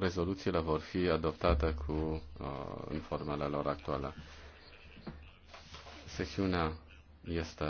rezoluțiile vor fi adoptate cu, uh, în formele lor actuale. Sesiunea este